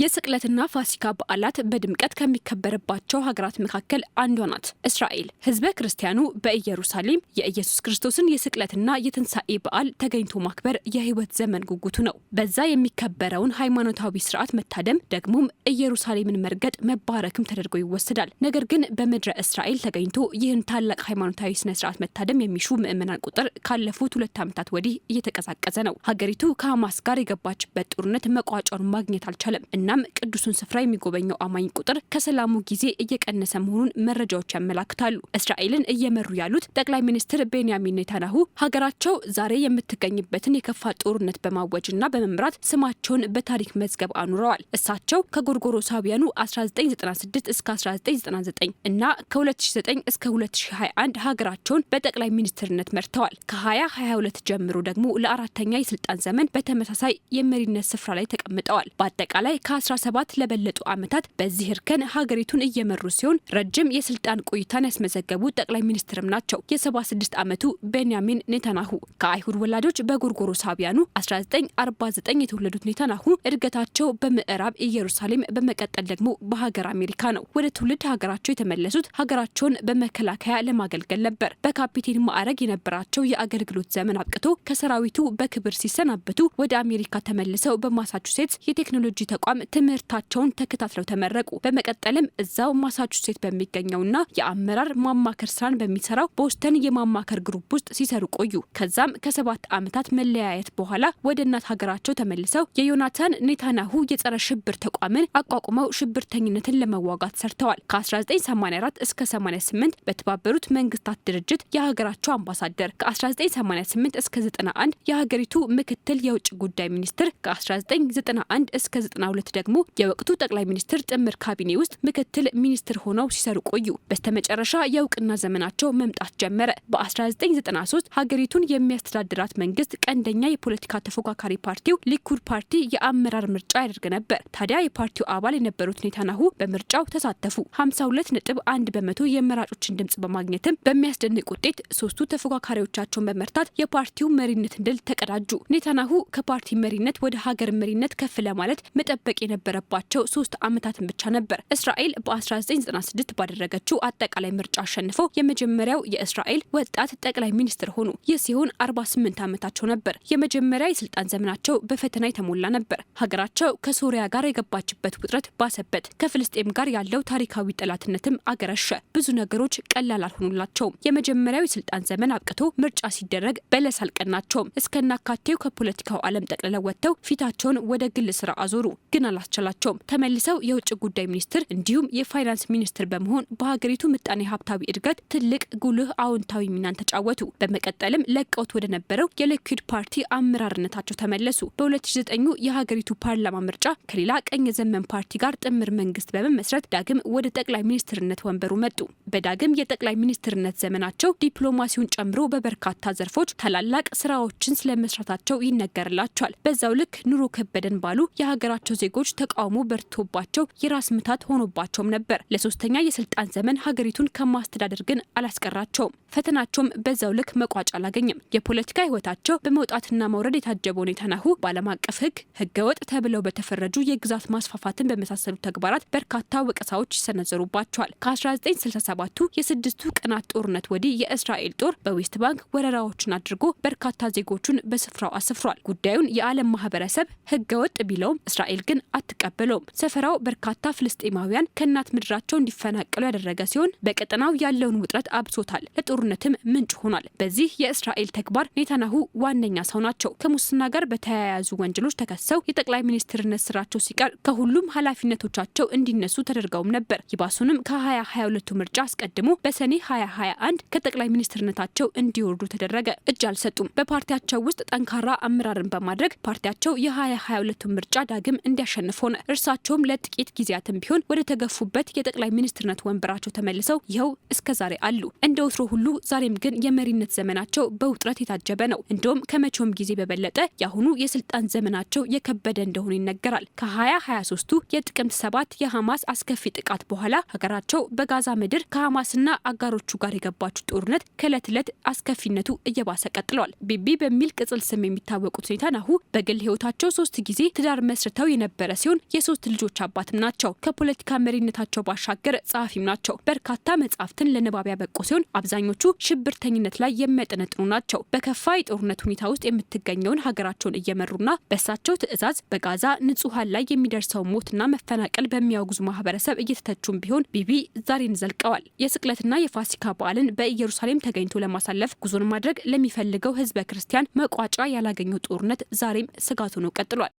የስቅለትና ፋሲካ በዓላት በድምቀት ከሚከበርባቸው ሀገራት መካከል አንዷ ናት እስራኤል። ህዝበ ክርስቲያኑ በኢየሩሳሌም የኢየሱስ ክርስቶስን የስቅለትና የትንሣኤ በዓል ተገኝቶ ማክበር የህይወት ዘመን ጉጉቱ ነው። በዛ የሚከበረውን ሃይማኖታዊ ስርዓት መታደም ደግሞም ኢየሩሳሌምን መርገጥ መባረክም ተደርጎ ይወሰዳል። ነገር ግን በምድረ እስራኤል ተገኝቶ ይህን ታላቅ ሃይማኖታዊ ስነ ስርዓት መታደም የሚሹ ምዕመናን ቁጥር ካለፉት ሁለት ዓመታት ወዲህ እየተቀዛቀዘ ነው። ሀገሪቱ ከሐማስ ጋር የገባችበት ጦርነት መቋጫውን ማግኘት አልቻለም እና እናም ቅዱሱን ስፍራ የሚጎበኘው አማኝ ቁጥር ከሰላሙ ጊዜ እየቀነሰ መሆኑን መረጃዎች ያመላክታሉ። እስራኤልን እየመሩ ያሉት ጠቅላይ ሚኒስትር ቤንያሚን ኔታንያሁ ሀገራቸው ዛሬ የምትገኝበትን የከፋ ጦርነት በማወጅና በመምራት ስማቸውን በታሪክ መዝገብ አኑረዋል። እሳቸው ከጎርጎሮሳውያኑ 1996 እስከ 1999 እና ከ2009 እስከ 2021 ሀገራቸውን በጠቅላይ ሚኒስትርነት መርተዋል። ከ2022 ጀምሮ ደግሞ ለአራተኛ የስልጣን ዘመን በተመሳሳይ የመሪነት ስፍራ ላይ ተቀምጠዋል። በአጠቃላይ ከ 17 ለበለጡ ዓመታት በዚህ እርከን ሀገሪቱን እየመሩ ሲሆን ረጅም የስልጣን ቆይታን ያስመዘገቡ ጠቅላይ ሚኒስትርም ናቸው። የ76 ዓመቱ ቤንያሚን ኔታናሁ ከአይሁድ ወላጆች ሳቢያኑ 1949 የተወለዱት ኔታናሁ እድገታቸው በምዕራብ ኢየሩሳሌም በመቀጠል ደግሞ በሀገር አሜሪካ ነው። ወደ ትውልድ ሀገራቸው የተመለሱት ሀገራቸውን በመከላከያ ለማገልገል ነበር። በካፒቴን ማዕረግ የነበራቸው የአገልግሎት ዘመን አብቅቶ ከሰራዊቱ በክብር ሲሰናበቱ ወደ አሜሪካ ተመልሰው በማሳቹሴትስ የቴክኖሎጂ ተቋም ትምህርታቸውን ተከታትለው ተመረቁ። በመቀጠልም እዛው ማሳቹሴት በሚገኘውና የአመራር ማማከር ስራን በሚሰራው ቦስተን የማማከር ግሩፕ ውስጥ ሲሰሩ ቆዩ። ከዛም ከሰባት ዓመታት መለያየት በኋላ ወደ እናት ሀገራቸው ተመልሰው የዮናታን ኔታናሁ የጸረ ሽብር ተቋምን አቋቁመው ሽብርተኝነትን ለመዋጋት ሰርተዋል። ከ1984 እስከ 88 በተባበሩት መንግስታት ድርጅት የሀገራቸው አምባሳደር፣ ከ1988 እስከ 91 የሀገሪቱ ምክትል የውጭ ጉዳይ ሚኒስትር፣ ከ1991 እስከ 92 ደግሞ የወቅቱ ጠቅላይ ሚኒስትር ጥምር ካቢኔ ውስጥ ምክትል ሚኒስትር ሆነው ሲሰሩ ቆዩ። በስተመጨረሻ የእውቅና ዘመናቸው መምጣት ጀመረ። በ1993 ሀገሪቱን የሚያስተዳድራት መንግስት ቀንደኛ የፖለቲካ ተፎካካሪ ፓርቲው ሊኩድ ፓርቲ የአመራር ምርጫ ያደርግ ነበር። ታዲያ የፓርቲው አባል የነበሩት ኔታናሁ በምርጫው ተሳተፉ። 52 ነጥብ 1 በመቶ የመራጮችን ድምጽ በማግኘትም በሚያስደንቅ ውጤት ሶስቱ ተፎካካሪዎቻቸውን በመርታት የፓርቲው መሪነት ድል ተቀዳጁ። ኔታናሁ ከፓርቲ መሪነት ወደ ሀገር መሪነት ከፍ ለማለት መጠበቅ የነበረባቸው ሶስት ዓመታትን ብቻ ነበር። እስራኤል በ1996 ባደረገችው አጠቃላይ ምርጫ አሸንፈው የመጀመሪያው የእስራኤል ወጣት ጠቅላይ ሚኒስትር ሆኑ። ይህ ሲሆን 48 ዓመታቸው ነበር። የመጀመሪያ የስልጣን ዘመናቸው በፈተና የተሞላ ነበር። ሀገራቸው ከሶሪያ ጋር የገባችበት ውጥረት ባሰበት፣ ከፍልስጤም ጋር ያለው ታሪካዊ ጠላትነትም አገረሸ። ብዙ ነገሮች ቀላል አልሆኑላቸውም። የመጀመሪያው የስልጣን ዘመን አብቅቶ ምርጫ ሲደረግ በለስ አልቀናቸውም። እስከናካቴው ከፖለቲካው ዓለም ጠቅልለው ወጥተው ፊታቸውን ወደ ግል ስራ አዞሩ ግን አላስቻላቸውም። ተመልሰው የውጭ ጉዳይ ሚኒስትር እንዲሁም የፋይናንስ ሚኒስትር በመሆን በሀገሪቱ ምጣኔ ሀብታዊ እድገት ትልቅ ጉልህ አዎንታዊ ሚናን ተጫወቱ። በመቀጠልም ለቀውት ወደ ነበረው የሊኩድ ፓርቲ አመራርነታቸው ተመለሱ። በ2009 የሀገሪቱ ፓርላማ ምርጫ ከሌላ ቀኝ ዘመን ፓርቲ ጋር ጥምር መንግስት በመመስረት ዳግም ወደ ጠቅላይ ሚኒስትርነት ወንበሩ መጡ። በዳግም የጠቅላይ ሚኒስትርነት ዘመናቸው ዲፕሎማሲውን ጨምሮ በበርካታ ዘርፎች ታላላቅ ስራዎችን ስለመስራታቸው ይነገርላቸዋል። በዛው ልክ ኑሮ ከበደን ባሉ የሀገራቸው ዜጎች ዜጎች ተቃውሞ በርቶባቸው የራስ ምታት ሆኖባቸውም ነበር። ለሶስተኛ የስልጣን ዘመን ሀገሪቱን ከማስተዳደር ግን አላስቀራቸውም። ፈተናቸውም በዛው ልክ መቋጫ አላገኘም። የፖለቲካ ህይወታቸው በመውጣትና መውረድ የታጀበው ኔታንያሁ በዓለም አቀፍ ህግ ወጥ ተብለው በተፈረጁ የግዛት ማስፋፋትን በመሳሰሉ ተግባራት በርካታ ወቀሳዎች ይሰነዘሩባቸዋል። ከ1967ቱ የስድስቱ ቀናት ጦርነት ወዲህ የእስራኤል ጦር በዌስት ባንክ ወረራዎችን አድርጎ በርካታ ዜጎቹን በስፍራው አስፍሯል። ጉዳዩን የዓለም ማህበረሰብ ወጥ ቢለውም እስራኤል ግን አትቀበለውም። ሰፈራው በርካታ ፍልስጤማውያን ከእናት ምድራቸው እንዲፈናቀሉ ያደረገ ሲሆን በቀጠናው ያለውን ውጥረት አብሶታል፣ ለጦርነትም ምንጭ ሆኗል። በዚህ የእስራኤል ተግባር ኔታናሁ ዋነኛ ሰው ናቸው። ከሙስና ጋር በተያያዙ ወንጀሎች ተከሰው የጠቅላይ ሚኒስትርነት ስራቸው ሲቀር ከሁሉም ኃላፊነቶቻቸው እንዲነሱ ተደርገውም ነበር። ይባሱንም ከ2022 ምርጫ አስቀድሞ በሰኔ 2021 ከጠቅላይ ሚኒስትርነታቸው እንዲወርዱ ተደረገ። እጅ አልሰጡም። በፓርቲያቸው ውስጥ ጠንካራ አመራርን በማድረግ ፓርቲያቸው የ2022 ምርጫ ዳግም እንዲያሸ አሸንፎን እርሳቸውም ለጥቂት ጊዜያትም ቢሆን ወደ ተገፉበት የጠቅላይ ሚኒስትርነት ወንበራቸው ተመልሰው ይኸው እስከ ዛሬ አሉ። እንደ ወትሮ ሁሉ ዛሬም ግን የመሪነት ዘመናቸው በውጥረት የታጀበ ነው። እንዲሁም ከመቼውም ጊዜ በበለጠ የአሁኑ የስልጣን ዘመናቸው የከበደ እንደሆኑ ይነገራል። ከ2023ቱ የጥቅምት ሰባት የሐማስ አስከፊ ጥቃት በኋላ ሀገራቸው በጋዛ ምድር ከሐማስና አጋሮቹ ጋር የገባችው ጦርነት ከእለት ዕለት አስከፊነቱ እየባሰ ቀጥሏል። ቢቢ በሚል ቅጽል ስም የሚታወቁት ኔታንያሁ በግል ህይወታቸው ሶስት ጊዜ ትዳር መስርተው የነበረ የነበረ ሲሆን የሶስት ልጆች አባትም ናቸው። ከፖለቲካ መሪነታቸው ባሻገር ጸሐፊም ናቸው። በርካታ መጽሐፍትን ለንባብ ያበቁ ሲሆን አብዛኞቹ ሽብርተኝነት ላይ የሚያጠነጥኑ ናቸው። በከፋ የጦርነት ሁኔታ ውስጥ የምትገኘውን ሀገራቸውን እየመሩና በእሳቸው ትዕዛዝ በጋዛ ንጹሐን ላይ የሚደርሰው ሞትና መፈናቀል በሚያወግዙ ማህበረሰብ እየተተቹም ቢሆን ቢቢ ዛሬን ዘልቀዋል። የስቅለትና የፋሲካ በዓልን በኢየሩሳሌም ተገኝቶ ለማሳለፍ ጉዞን ማድረግ ለሚፈልገው ህዝበ ክርስቲያን መቋጫ ያላገኘው ጦርነት ዛሬም ስጋት ሆኖ ቀጥሏል።